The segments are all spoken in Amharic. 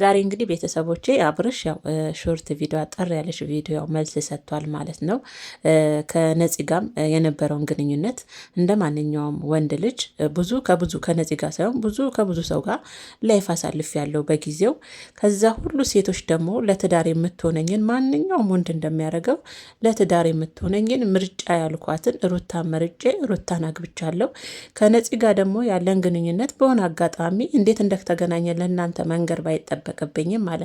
ዛሬ እንግዲህ ቤተሰቦቼ አብርሽ ያው ሾርት ቪዲዮ አጠር ያለች ቪዲዮ ያው መልስ ሰጥቷል ማለት ነው። ከነፂ ጋም የነበረውን ግንኙነት እንደ ማንኛውም ወንድ ልጅ ብዙ ከብዙ ከነፂ ጋር ሳይሆን ብዙ ከብዙ ሰው ጋር ላይፍ አሳልፍ ያለው በጊዜው ከዛ ሁሉ ሴቶች ደግሞ ለትዳር የምትሆነኝን ማንኛውም ወንድ እንደሚያደርገው ለትዳር የምትሆነኝን ምርጫ ያልኳትን ሩታን መርጬ ሩታን አግብቻለሁ። ከነፂ ጋር ደግሞ ያለን ግንኙነት በሆነ አጋጣሚ እንዴት እንደተገናኘ ለእናንተ መንገር ባይጠበቅ አይጠበቅብኝም አለ።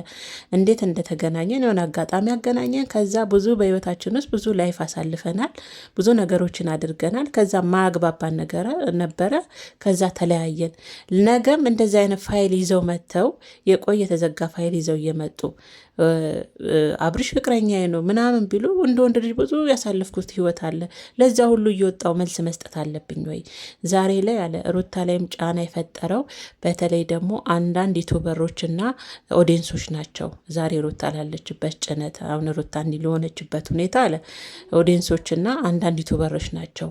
እንዴት እንደተገናኘን የሆነ አጋጣሚ አገናኘን። ከዛ ብዙ በህይወታችን ውስጥ ብዙ ላይፍ አሳልፈናል፣ ብዙ ነገሮችን አድርገናል። ከዛ ማግባባን ነገር ነበረ። ከዛ ተለያየን። ነገም እንደዚህ አይነት ፋይል ይዘው መጥተው የቆየ የተዘጋ ፋይል ይዘው እየመጡ አብርሽ ፍቅረኛዬ ነው ምናምን ቢሉ እንደ ወንድ ልጅ ብዙ ያሳለፍኩት ህይወት አለ። ለዛ ሁሉ እየወጣው መልስ መስጠት አለብኝ ወይ? ዛሬ ላይ አለ ሩታ ላይም ጫና የፈጠረው በተለይ ደግሞ አንዳንድ ዩቱበሮችና ኦዲንሶች ናቸው። ዛሬ ሩታ ላለችበት ጭነት አሁን ሩታ እንዲህ ለሆነችበት ሁኔታ አለ ኦዲየንሶችና አንዳንድ ዩቱበሮች ናቸው።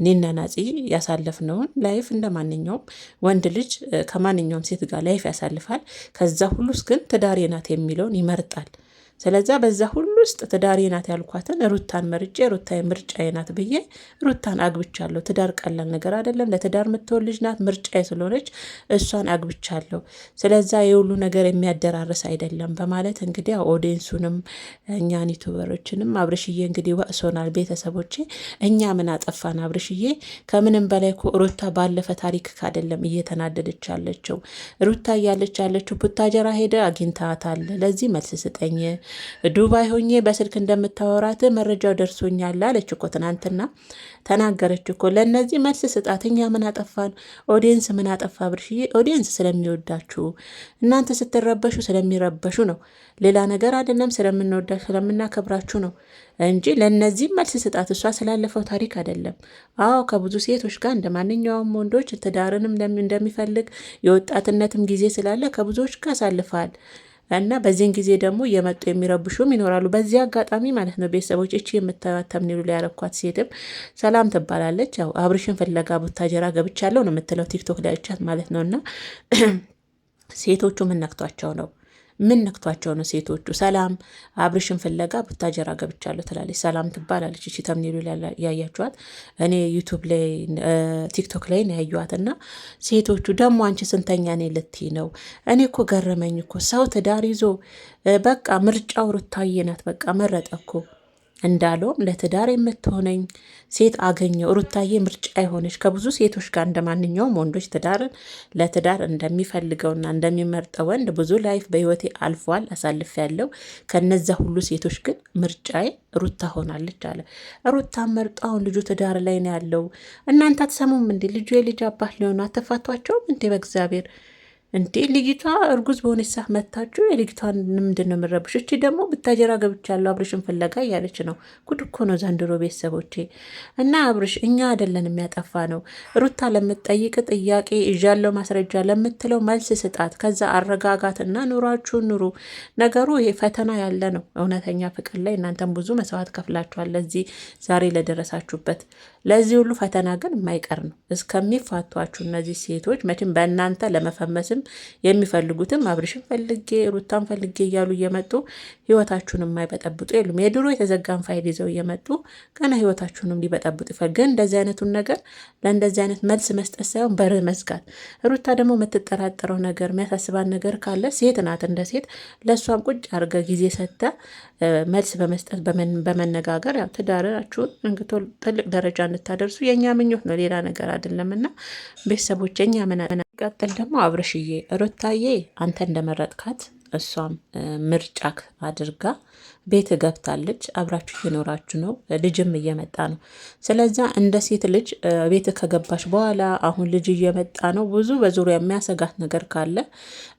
እኔና ናፂ ያሳለፍነውን ላይፍ እንደ ማንኛውም ወንድ ልጅ ከማንኛውም ሴት ጋር ላይፍ ያሳልፋል። ከዛ ሁሉስ ግን ትዳሬ ናት የሚለውን ይመር ይሰጣል። ስለዚያ በዛ ሁሉ ውስጥ ትዳሬ ናት ያልኳትን ሩታን መርጬ ሩታ ምርጫዬ ናት ብዬ ሩታን አግብቻለሁ። ትዳር ቀላል ነገር አይደለም። ለትዳር የምትሆን ልጅ ናት፣ ምርጫዬ ስለሆነች እሷን አግብቻለሁ። ስለዛ የሁሉ ነገር የሚያደራርስ አይደለም በማለት እንግዲህ ኦዲንሱንም እኛን ዩቱበሮችንም አብርሽዬ እንግዲህ ወቅሶናል። ቤተሰቦቼ እኛ ምን አጠፋን? አብርሽዬ ከምንም በላይ እኮ ሩታ ባለፈ ታሪክ ካደለም እየተናደደች ያለችው ሩታ እያለች ያለችው ቡታጀራ ሄደ አግኝታታል። ለዚህ መልስ ስጠኝ ዱባይ ሆኜ በስልክ እንደምታወራት መረጃው ደርሶኛል አለች እኮ ትናንትና ተናገረች እኮ። ለእነዚህ መልስ ስጣት። እኛ ምን አጠፋን? ኦዲየንስ ምን አጠፋ? ብርሽዬ ኦዲየንስ ስለሚወዳችሁ እናንተ ስትረበሹ ስለሚረበሹ ነው። ሌላ ነገር አይደለም። ስለምንወዳችሁ ስለምናከብራችሁ ነው እንጂ ለእነዚህ መልስ ስጣት። እሷ ስላለፈው ታሪክ አይደለም። አዎ ከብዙ ሴቶች ጋር እንደ ማንኛውም ወንዶች ትዳርንም እንደሚፈልግ የወጣትነትም ጊዜ ስላለ ከብዙዎች ጋር አሳልፈዋል። እና በዚህን ጊዜ ደግሞ እየመጡ የሚረብሹም ይኖራሉ። በዚህ አጋጣሚ ማለት ነው ቤተሰቦች እቺ የምታዩት ተምኒሉ ላይ ያረኳት ሴትም ሰላም ትባላለች። ያው አብርሽን ፍለጋ ቡታጀራ ገብቻለሁ ነው የምትለው ቲክቶክ ላይ ብቻት ማለት ነው እና ሴቶቹ ምን ነክቷቸው ነው ምን ነክቷቸው ነው ሴቶቹ? ሰላም አብርሽን ፍለጋ ቡታጀራ ገብቻለሁ ትላለች። ሰላም ትባላለች። እቺ ተምኒሉ ያያችኋት እኔ ዩቱብ ላይ ቲክቶክ ላይ ነው ያዩዋት። እና ሴቶቹ ደግሞ አንቺ ስንተኛ ኔ ልትይ ነው? እኔ እኮ ገረመኝ እኮ ሰው ትዳር ይዞ በቃ ምርጫው ሩታዬ ናት በቃ መረጠ እኮ እንዳለውም ለትዳር የምትሆነኝ ሴት አገኘው። ሩታዬ ምርጫ የሆነች ከብዙ ሴቶች ጋር እንደ ማንኛውም ወንዶች ትዳርን ለትዳር እንደሚፈልገውና እንደሚመርጠው ወንድ ብዙ ላይፍ በህይወቴ አልፏል አሳልፍ ያለው ከነዛ ሁሉ ሴቶች ግን ምርጫዬ ሩታ ሆናለች አለ። ሩታ መርጦ አሁን ልጁ ትዳር ላይ ነው ያለው። እናንተ አትሰሙም እንዴ? ልጁ የልጅ አባት ሊሆኑ አተፋቷቸውም እንዴ? በእግዚአብሔር እንዴ ልጅቷ እርጉዝ በሆነች ሳ መታችሁ የልጅቷን ምንድን ነው የምረብሽ? እቺ ደግሞ ብታጀራ ገብቻለሁ አብርሽን ፍለጋ እያለች ነው። ጉድ እኮ ነው ዘንድሮ ቤተሰቦቼ። እና አብርሽ እኛ አይደለን የሚያጠፋ ነው። ሩታ ለምትጠይቅ ጥያቄ እዣለው ማስረጃ ለምትለው መልስ ስጣት። ከዛ አረጋጋት እና ኑሯችሁን ኑሩ። ነገሩ ይሄ ፈተና ያለ ነው። እውነተኛ ፍቅር ላይ እናንተም ብዙ መስዋዕት ከፍላችኋል፣ ለዚህ ዛሬ ለደረሳችሁበት ለዚህ ሁሉ ፈተና ግን የማይቀር ነው። እስከሚፋቷችሁ እነዚህ ሴቶች መቼም በእናንተ ለመፈመስም የሚፈልጉትም አብርሽን ፈልጌ ሩታን ፈልጌ እያሉ እየመጡ ህይወታችሁን የማይበጠብጡ የሉም። የድሮ የተዘጋን ፋይል ይዘው እየመጡ ገና ህይወታችሁንም ሊበጠብጡ ይፈል ግን እንደዚህ አይነቱን ነገር ለእንደዚህ አይነት መልስ መስጠት ሳይሆን በር መዝጋት። ሩታ ደግሞ የምትጠራጠረው ነገር የሚያሳስባን ነገር ካለ ሴት ናት፣ እንደ ሴት ለእሷም ቁጭ አርገ ጊዜ ሰተ መልስ በመስጠት በመነጋገር ያው ትዳራችሁን እንግቶ ትልቅ ደረጃ እንድታደርሱ የእኛ ምኞት ነው፣ ሌላ ነገር አይደለም። እና ቤተሰቦች የእኛ ቀጥል ደግሞ አብርሽዬ ሩታዬ አንተ እንደመረጥካት እሷም ምርጫክ አድርጋ ቤት ገብታለች። አብራችሁ እየኖራችሁ ነው፣ ልጅም እየመጣ ነው። ስለዛ እንደ ሴት ልጅ ቤት ከገባች በኋላ አሁን ልጅ እየመጣ ነው፣ ብዙ በዙሪያ የሚያሰጋት ነገር ካለ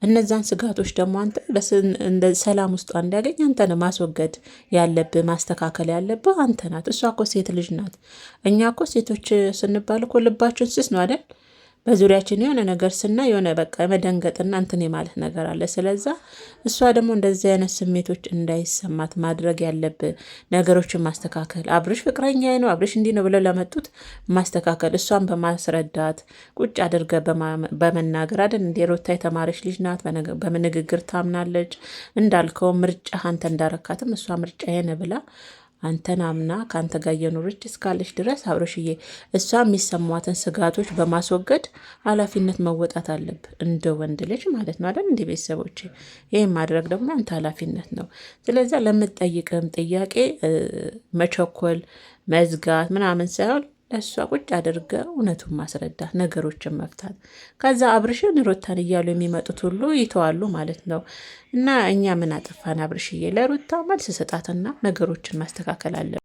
እነዛን ስጋቶች ደግሞ አንተ ሰላም ውስጧ እንዲያገኝ አንተ ነው ማስወገድ ያለብህ ማስተካከል ያለብህ አንተ ናት። እሷ እኮ ሴት ልጅ ናት። እኛ እኮ ሴቶች ስንባል እኮ ልባችን ስስ ነው አይደል? በዙሪያችን የሆነ ነገር ስና የሆነ በቃ የመደንገጥና እንትን የማለት ነገር አለ። ስለዛ እሷ ደግሞ እንደዚህ አይነት ስሜቶች እንዳይሰማት ማድረግ ያለብ ነገሮችን ማስተካከል፣ አብርሽ ፍቅረኛ ነው አብርሽ እንዲህ ነው ብለው ለመጡት ማስተካከል፣ እሷን በማስረዳት ቁጭ አድርገ በመናገር አይደል እንደ ሮታ የተማረች ልጅ ናት። በንግግር ታምናለች። እንዳልከው ምርጫ አንተ እንዳረካትም እሷ ምርጫ ብላ አንተን አምና ከአንተ ጋር እየኖረች እስካለች ድረስ አብረሽዬ እሷ የሚሰማትን ስጋቶች በማስወገድ ኃላፊነት መወጣት አለብ እንደ ወንድ ልጅ ማለት ነው አይደል? እንደ ቤተሰቦች ይህም ማድረግ ደግሞ አንተ ኃላፊነት ነው። ስለዚያ ለምትጠይቅም ጥያቄ መቸኮል፣ መዝጋት ምናምን ሳይሆን ለእሷ ቁጭ አድርገ እውነቱን ማስረዳት፣ ነገሮችን መፍታት። ከዛ አብርሽን ሩታን እያሉ የሚመጡት ሁሉ ይተዋሉ ማለት ነው። እና እኛ ምን አጥፋን? አብርሽዬ? ለሩታ መልስ ስጣትና ነገሮችን ማስተካከል አለ